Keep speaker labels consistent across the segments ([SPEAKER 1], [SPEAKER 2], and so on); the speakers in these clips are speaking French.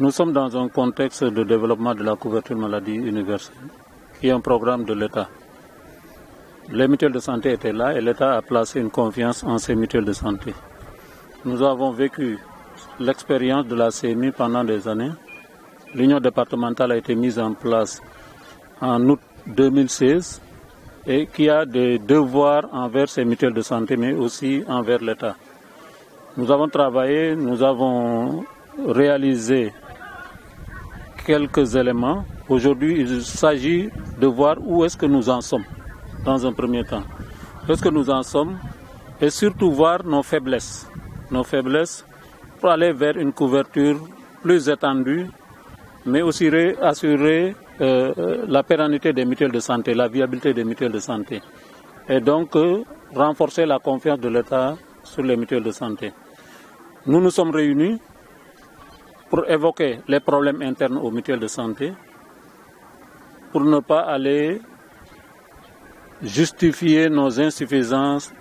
[SPEAKER 1] Nous sommes dans un contexte de développement de la couverture maladie universelle, qui est un programme de l'État. Les mutuelles de santé étaient là et l'État a placé une confiance en ces mutuelles de santé. Nous avons vécu l'expérience de la CMI pendant des années. L'union départementale a été mise en place en août 2016 et qui a des devoirs envers ces mutuelles de santé, mais aussi envers l'État. Nous avons travaillé, nous avons réalisé quelques éléments. Aujourd'hui, il s'agit de voir où est-ce que nous en sommes, dans un premier temps. Où est-ce que nous en sommes et surtout voir nos faiblesses. Nos faiblesses pour aller vers une couverture plus étendue, mais aussi assurer euh, euh, la pérennité des mutuelles de santé, la viabilité des mutuelles de santé. Et donc, euh, renforcer la confiance de l'État sur les mutuelles de santé. Nous nous sommes réunis pour évoquer les problèmes internes aux mutuelles de santé, pour ne pas aller justifier nos insuffisances,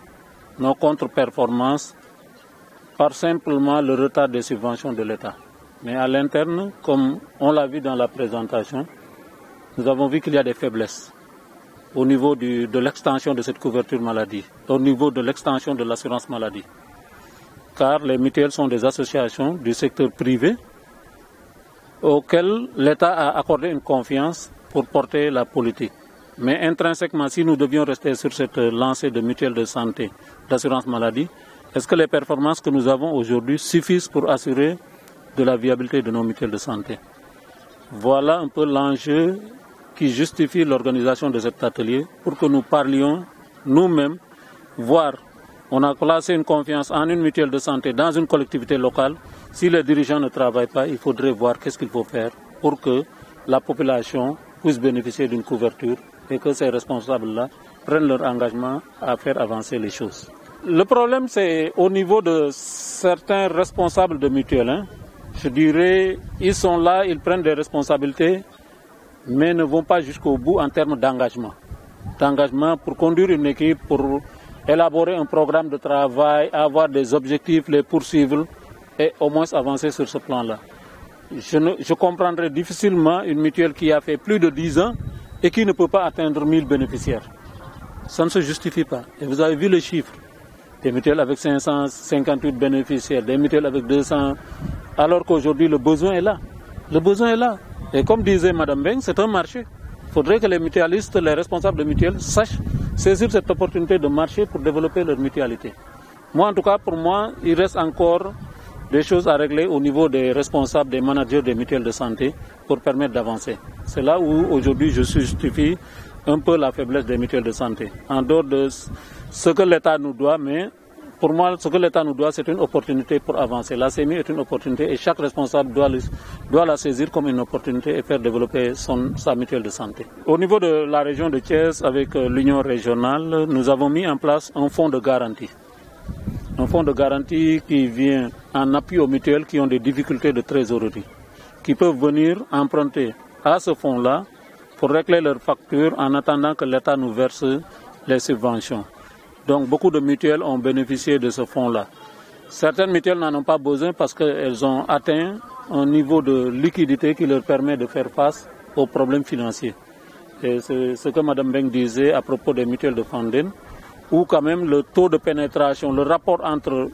[SPEAKER 1] nos contre-performances par simplement le retard des subventions de l'État. Mais à l'interne, comme on l'a vu dans la présentation, nous avons vu qu'il y a des faiblesses au niveau de l'extension de cette couverture maladie, au niveau de l'extension de l'assurance maladie. Car les mutuelles sont des associations du secteur privé auquel l'État a accordé une confiance pour porter la politique. Mais intrinsèquement, si nous devions rester sur cette lancée de mutuelle de santé, d'assurance maladie, est-ce que les performances que nous avons aujourd'hui suffisent pour assurer de la viabilité de nos mutuelles de santé Voilà un peu l'enjeu qui justifie l'organisation de cet atelier pour que nous parlions nous-mêmes, voire on a placé une confiance en une mutuelle de santé dans une collectivité locale. Si les dirigeants ne travaillent pas, il faudrait voir qu'est-ce qu'il faut faire pour que la population puisse bénéficier d'une couverture et que ces responsables-là prennent leur engagement à faire avancer les choses. Le problème, c'est au niveau de certains responsables de mutuelles. Hein. Je dirais, ils sont là, ils prennent des responsabilités, mais ne vont pas jusqu'au bout en termes d'engagement. D'engagement pour conduire une équipe, pour élaborer un programme de travail, avoir des objectifs, les poursuivre et au moins avancer sur ce plan-là. Je, comprendrais difficilement une mutuelle qui a fait plus de 10 ans et qui ne peut pas atteindre 1000 bénéficiaires. Ça ne se justifie pas. Et vous avez vu les chiffres. Des mutuelles avec 558 bénéficiaires, des mutuelles avec 200, alors qu'aujourd'hui le besoin est là. Le besoin est là. Et comme disait Mme Beng, c'est un marché. Il faudrait que les mutualistes, les responsables de mutuelles sachent saisir cette opportunité de marché pour développer leur mutualité. Moi, en tout cas, pour moi, il reste encore des choses à régler au niveau des responsables, des managers des mutuelles de santé pour permettre d'avancer. C'est là où aujourd'hui je justifie un peu la faiblesse des mutuelles de santé. En dehors de ce que l'État nous doit, mais pour moi, ce que l'État nous doit, c'est une opportunité pour avancer. La CMI est une opportunité et chaque responsable doit, la saisir comme une opportunité et faire développer son, sa mutuelle de santé. Au niveau de la région de Thiès, avec euh, l'Union régionale, nous avons mis en place un fonds de garantie. Un fonds de garantie qui vient en appui aux mutuelles qui ont des difficultés de trésorerie, qui peuvent venir emprunter à ce fonds-là pour régler leurs factures en attendant que l'État nous verse les subventions. Donc beaucoup de mutuelles ont bénéficié de ce fonds-là. Certaines mutuelles n'en ont pas besoin parce qu'elles ont atteint un niveau de liquidité qui leur permet de faire face aux problèmes financiers. Et c'est ce que Mme Beng disait à propos des mutuelles de Fanden, où quand même le taux de pénétration, le rapport entre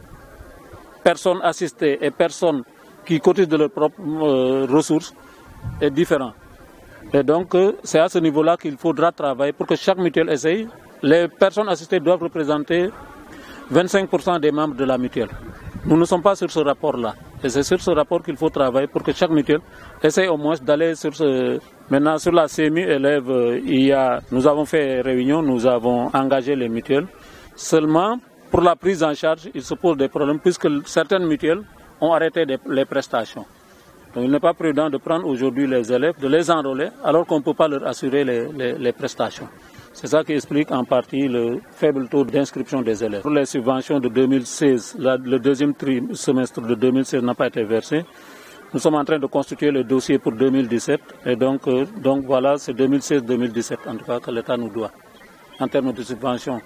[SPEAKER 1] personnes assistées et personnes qui cotisent de leurs propres euh, ressources est différent. Et donc, euh, c'est à ce niveau-là qu'il faudra travailler pour que chaque mutuelle essaye les personnes assistées doivent représenter 25% des membres de la mutuelle. Nous ne sommes pas sur ce rapport-là. Et c'est sur ce rapport qu'il faut travailler pour que chaque mutuelle essaie au moins d'aller sur ce... Maintenant, sur la CMU élève, euh, nous avons fait réunion, nous avons engagé les mutuelles. Seulement, pour la prise en charge, il se pose des problèmes puisque certaines mutuelles ont arrêté les prestations. Donc, il n'est pas prudent de prendre aujourd'hui les élèves, de les enrôler, alors qu'on ne peut pas leur assurer les prestations. C'est ça qui explique en partie le faible taux d'inscription des élèves. Pour les subventions de 2016, le deuxième semestre de 2016 n'a pas été versé. Nous sommes en train de constituer le dossier pour 2017 et donc, euh, donc voilà, c'est 2016-2017 en tout cas que l'État nous doit en termes de subventions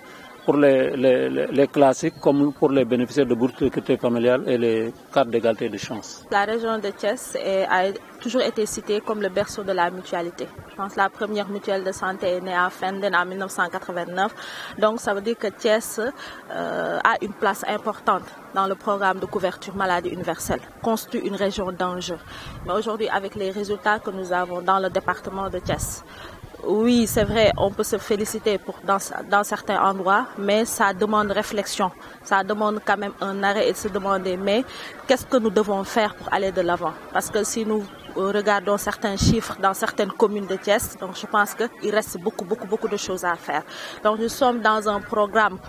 [SPEAKER 1] pour les, classiques comme pour les bénéficiaires de bourses de familiale et les cartes d'égalité de chance.
[SPEAKER 2] La région de Thiès a toujours été citée comme le berceau de la mutualité. Je pense que la première mutuelle de santé est née à Fenden en 1989. Donc ça veut dire que Thiès euh, a une place importante dans le programme de couverture maladie universelle, constitue une région d'enjeu. Mais aujourd'hui, avec les résultats que nous avons dans le département de Thiès, oui, c'est vrai, on peut se féliciter dans, certains endroits, mais ça demande réflexion. Ça demande quand même un arrêt et de se demander, mais qu'est-ce que nous devons faire pour aller de l'avant Parce que si nous euh, regardons certains chiffres dans certaines communes de Thiès, donc je pense qu'il reste beaucoup, beaucoup, beaucoup de choses à faire. Donc nous sommes dans un programme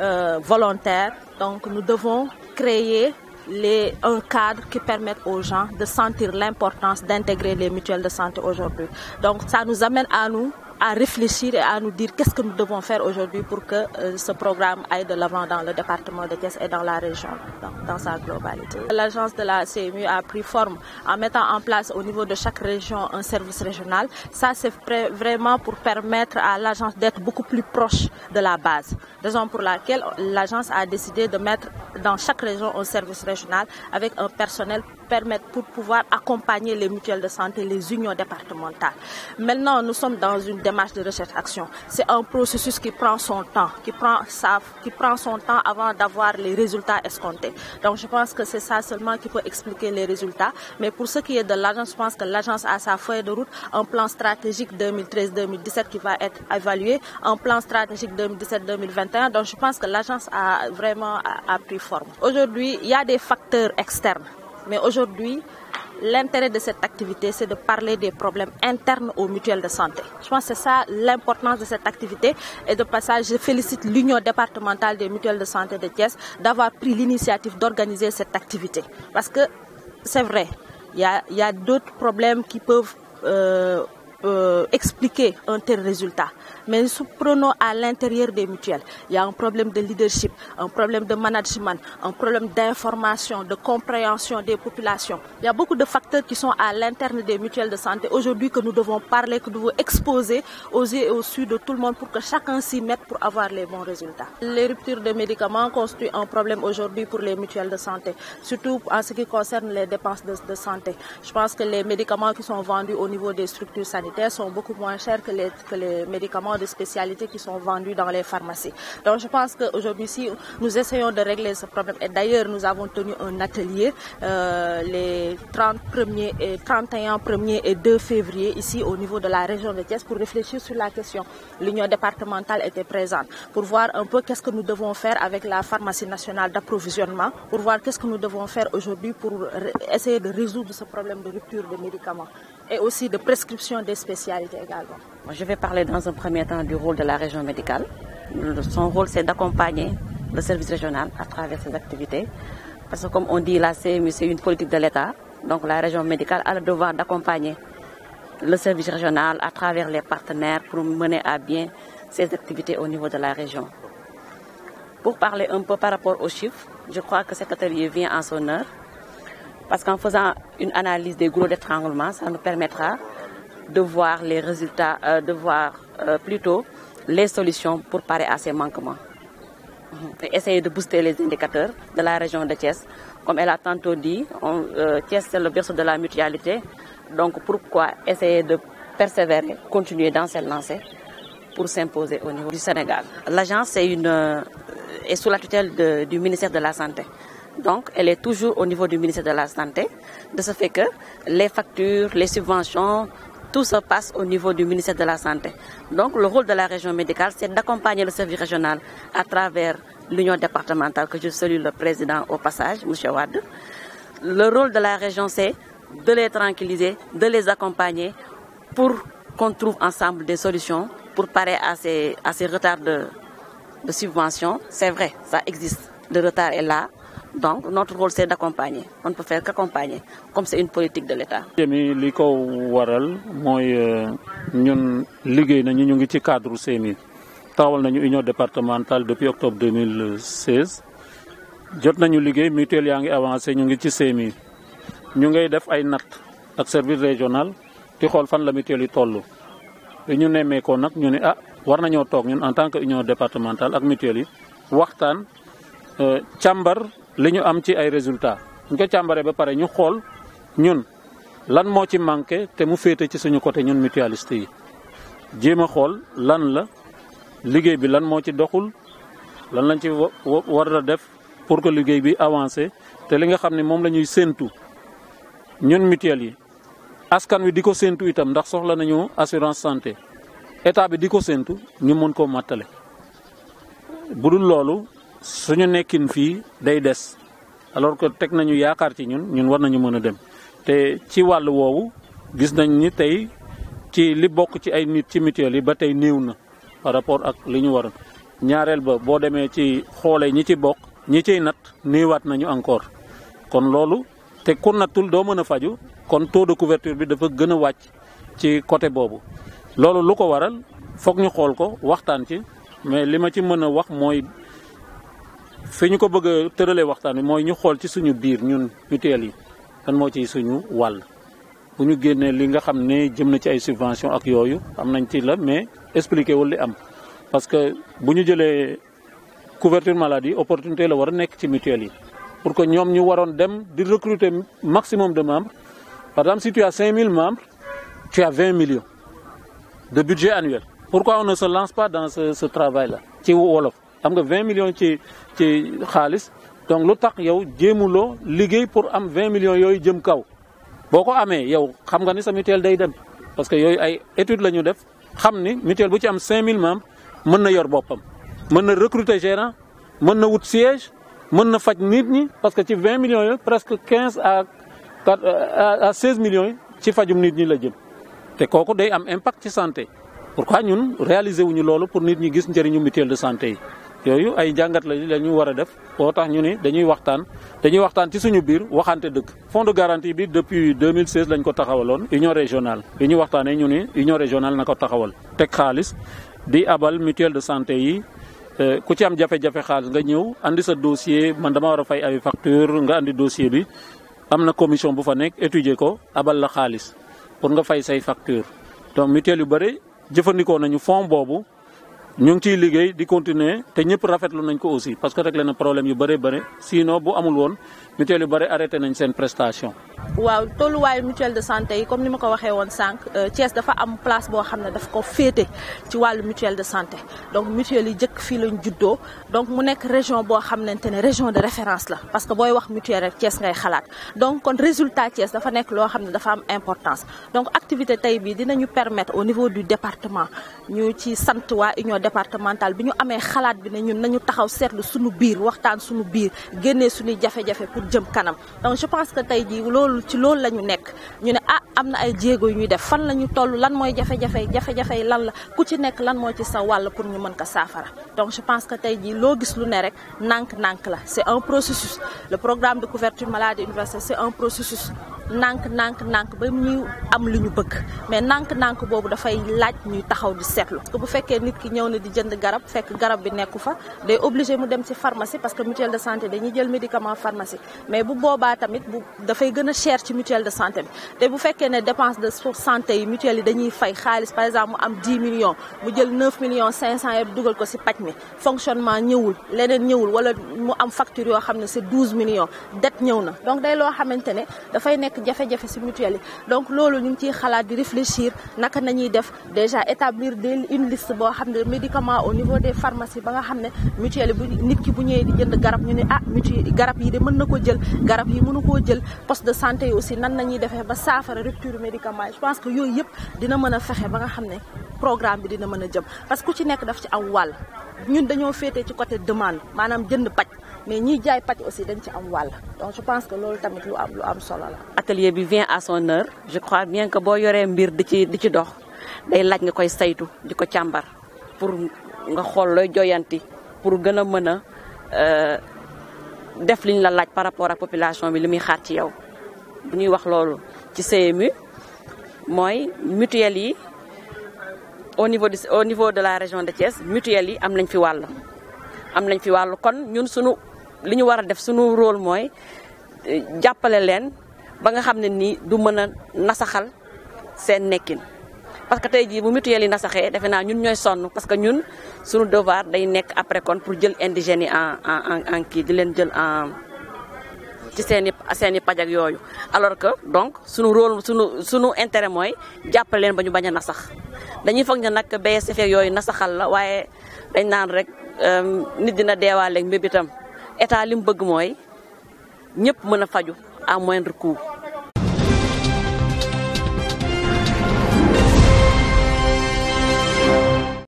[SPEAKER 2] euh, volontaire, donc nous devons créer les, un cadre qui permette aux gens de sentir l'importance d'intégrer les mutuelles de santé aujourd'hui. Donc ça nous amène à nous à réfléchir et à nous dire qu'est-ce que nous devons faire aujourd'hui pour que euh, ce programme aille de l'avant dans le département de caisses et dans la région, dans, dans sa globalité. L'agence de la CMU a pris forme en mettant en place au niveau de chaque région un service régional. Ça, c'est vraiment pour permettre à l'agence d'être beaucoup plus proche de la base. Raison pour laquelle l'agence a décidé de mettre dans chaque région un service régional avec un personnel permettre pour pouvoir accompagner les mutuelles de santé, les unions départementales. Maintenant, nous sommes dans une démarche de recherche-action. C'est un processus qui prend son temps, qui prend, qui prend son temps avant d'avoir les résultats escomptés. Donc, je pense que c'est ça seulement qui peut expliquer les résultats. Mais pour ce qui est de l'agence, je pense que l'agence a sa feuille de route, un plan stratégique 2013-2017 qui va être évalué, un plan stratégique 2017-2021. Donc, je pense que l'agence a vraiment pris forme. Aujourd'hui, il y a des facteurs externes mais aujourd'hui, l'intérêt de cette activité, c'est de parler des problèmes internes aux mutuelles de santé. Je pense que c'est ça l'importance de cette activité. Et de passage, je félicite l'Union départementale des mutuelles de santé de Thiès d'avoir pris l'initiative d'organiser cette activité. Parce que c'est vrai, il y a, d'autres problèmes qui peuvent... Euh, euh, expliquer un tel résultat. Mais nous prenons à l'intérieur des mutuelles, il y a un problème de leadership, un problème de management, un problème d'information, de compréhension des populations. Il y a beaucoup de facteurs qui sont à l'interne des mutuelles de santé aujourd'hui que nous devons parler, que nous devons exposer aux yeux et aux yeux de tout le monde pour que chacun s'y mette pour avoir les bons résultats. Les ruptures de médicaments constituent un problème aujourd'hui pour les mutuelles de santé, surtout en ce qui concerne les dépenses de santé. Je pense que les médicaments qui sont vendus au niveau des structures sanitaires, sont beaucoup moins chers que les, médicaments de spécialité qui sont vendus dans les pharmacies. Donc je pense qu'aujourd'hui, si nous essayons de régler ce problème, et d'ailleurs nous avons tenu un atelier euh, les 31 er et 2 février ici au niveau de la région de Thiès pour réfléchir sur la question. L'union départementale était présente pour voir un peu qu'est-ce que nous devons faire avec la pharmacie nationale d'approvisionnement, pour voir qu'est-ce que nous devons faire aujourd'hui pour essayer de résoudre ce problème de rupture des médicaments et aussi de prescription des spécialités également.
[SPEAKER 3] Je vais parler dans un premier temps du rôle de la région médicale. Son rôle, c'est d'accompagner le service régional à travers ses activités. Parce que comme on dit, la CMU, c'est une politique de l'État. Donc la région médicale a le devoir d'accompagner le service régional à travers les partenaires pour mener à bien ses activités au niveau de la région. Pour parler un peu par rapport aux chiffres, je crois que cet atelier vient en son heure. Parce qu'en faisant une analyse des gros d'étranglement, ça nous permettra de voir les résultats, euh, de voir euh, plutôt les solutions pour parer à ces manquements. Mhm. essayer de booster les indicateurs de la région de Thiès. Comme elle a tantôt dit, euh, Thiès c'est le berceau de la mutualité. Donc pourquoi essayer de persévérer, continuer dans cette lancée pour s'imposer au niveau du Sénégal. L'agence est, sous la tutelle du ministère de la Santé. Donc, elle est toujours au niveau du ministère de la Santé. De ce fait que les factures, les subventions, tout se passe au niveau du ministère de la Santé. Donc, le rôle de la région médicale, c'est d'accompagner le service régional à travers l'union départementale, que je salue le président au passage, M. Ouad Le rôle de la région, c'est de les tranquilliser, de les accompagner pour qu'on trouve ensemble des solutions pour parer à ces, à ces retards de, de subvention. C'est vrai, ça existe. Le retard est là, Donc, notre rôle, c'est d'accompagner. On ne peut faire qu'accompagner, comme c'est une politique de l'État.
[SPEAKER 1] waral mooy euh, ñun liggéey nañu CMI Nous union depuis octobre 2016 Nous avons liggéey mutuelle CMI ñu avec le service régional di fan la mutuelle yi toll ñu nemmeekoo ah war nañoo en tant mutuelle li ñu am ci ay résultats ñu ko càmbaree ba pare ñu xool ñun lan moo ci manqué te mu féete ci suñu côté ñun mutualiste yi jéem a xool lan la liggéey bi lan moo ci doxul lan lañ ci war def pour que liggéey bi avancé te li nga xam ni moom la ñuy séentu ñun mutuelle yi askan wi di ko séentu itam ndax soxla nañu assurance santé état bi di ko séentu ñu mën koo màttale bu dul loolu suñu nekkin fii day des alors que teg nañu yaakaar ci ñun ñun war nañu mën a dem te ci wàll woowu gis nañ ni tey ci li bokk ci ay nit ci mutuelle yi ba tey néew na par rapport ak li ñu waroon ñaareel ba boo demee ci xoolee ñi ci bokk ñi ciy nat néewaat nañu encore kon loolu te ku nattul doo mën a faju kon taux de bi dafa gën a wàcc ci côté boobu loolu lu ko waral foog ñu xool ko waxtaan ci mais li ma ci mën a wax mooy Si nous ko bëgg waxtaan ñu ci suñu biir ñun mais expliquez parce que bu ñu couverture maladie opportunité la mutuelle yi pour que nous ñu waroon maximum de membres par exemple si tu as 5000 membres tu as 20 millions de budget annuel pourquoi on ne se lance pas dans ce travail là am nga 20 millions ci ci xaalis donc lu tax yow jéemuloo liggéey pour am 20 millions yooyu jëm kaw boo ko amee yow xam nga ni sa mutuelle day dem parce que yooyu ay étude la ñu def xam ni mutuelle bu ci am 5000 membres mën na yor boppam mën na recruter gérant mën na wut siège mën na faj nit ñi parce que ci 20 millions yooyu presque quinze à 4 à 16 millions yi ci fajum nit ñi la jëm te kooku day am impact ci santé pourquoi ñun réaliser wuñu loolu pour nit ñi gis njëriñu mutuelle de santé yi. yooyu ay jàngat la la ñu war a def boo tax ñu ni dañuy waxtaan dañuy waxtaan ci suñu biir waxante dëkk fonds de garantie bi depuis 2016 lañ ko taxawaloon union régionale yi ñu waxtaanee ñu ni union régionale na ko taxawal teg xaalis di abal mutuel de santé yi euh, ku ci am jafe-jafe xaalis nga ñëw andi sa dossier man dama war a fay ay facture nga andi dossier bi am na commission bu fa nekk étudier ko abal la xaalis pour nga fay say facture donc mutuelle yu bëri jëfandikoo nañu fonds boobu ñu ngi ciy liggéey di continuer te ñëpp rafetlu nañ ko aussi parce que réglé na problème yu bëree bëri sinon bu amul woon mutuelle yu bëri arrêté nañ seen prestation.
[SPEAKER 2] waaw tolluwaayu mutuelle de santé yi comme ni ma ko waxee woon sànq euh, Thiès dafa am place boo xam ne daf ko féete ci wàllu mutuelle de santé donc mutuelle yi jëkk fii lañ juddoo donc mu nekk région boo xamante ne région de référence la parce que booy wax mutuelle rek Thiès ngay xalaat donc kon résultat Thiès dafa nekk loo xam ne dafa am importance donc activité tey bii dinañu permettre au niveau du département ñu ci sant waa union départementale bi ñu amee xalaat bi ne ñun nañu taxaw seetlu suñu biir waxtaan suñu biir génnee suñu jafe-jafe pour jëm kanam donc je pense que tey jii loolu donc je pense que tey jii loo gis lu c'est un processus le programme de couverture maladie universelle c'est un processus nank nank nank ba ñu am li ñu bëgg mais nank bobu da fay laaj ñuy taxaw di sétlu bu fekkee nit ki ñëw na di jënd garab fekk garab bi nekku fa day obligé mu dem ci pharmacie parce que mutuelle de santé dañuy jël médicament pharmacie mais bu boobaa tamit bu dafay gën a cher ci mutuelle de santé bi te bu fekkee ne dépense de santé yi mutuelle yi dañuy fay xaalis par exemple mu am 10 millions mu jël 9 millions 500 yëpp dugal ko si paj mi fonctionnement ñëwul leneen ñëwul wala mu am facture yoo xam ne c'est 12 millions dette ñëw na donc day loo xamante ne dafay nekk jafé-jafé ci mutuelle donc lolu ñu ci xalaat di réfléchir naka nañuy def déjà établir des une liste bo xamné médicament au niveau des pharmacies ba nga xamné mutuelle bu nit ki bu ñëwee di jënd garab ñu ne ah mutuelle garab yi de mën na ko jël garab yi mënu ko jël poste de santé aussi nan nañuy défé ba saafara rupture médicament je pense que yoy yëpp dina mëna a ba nga xamné programme bi dina mëna jëm parce que ku ci nekk daf ci am wàll ñun dañoo fété ci côté demande Manam jënd paj mais ñi jaay pati aussi dañ ci am wàll donc je pense que loolu tamit lu am lu am solo la.
[SPEAKER 3] atelier bi vient à son heure je crois bien que boo yoree mbir di ci di ci dox day laaj nga koy saytu di ko càmbar pour nga xool looy joyanti pour gën a mën a euh, def liñ la laaj par rapport ak population bi li muy xaar ci yow bu ñuy wax loolu ci CMU mooy mutuelle yi. au niveau de au niveau de la région de Thiès mutuelle yi am nañ fi wàll am nañ fi wàll kon ñun sunu li ñu war a def suñu rôle mooy eh, jàppale leen ba nga xam ne nii du mën a nasaxal seen nekkin parce que tey jii bu mutuelle yi nasaxee defe naa ñun ñooy sonn parce que ñun suñu devoir day nekk après kon pour jël indigène yi en en en kii di leen jël en ci seen i seen i alors que donc suñu rôle suñu suñu intérêt mooy jàppale leen ba ñu bañ nasax dañuy ne BSF yooyu nasaxal la waaye dañ naan rek euh, nit dina deewaaleeg mbébitam état li bëgg mooy ñëpp mën a faju à moindre coût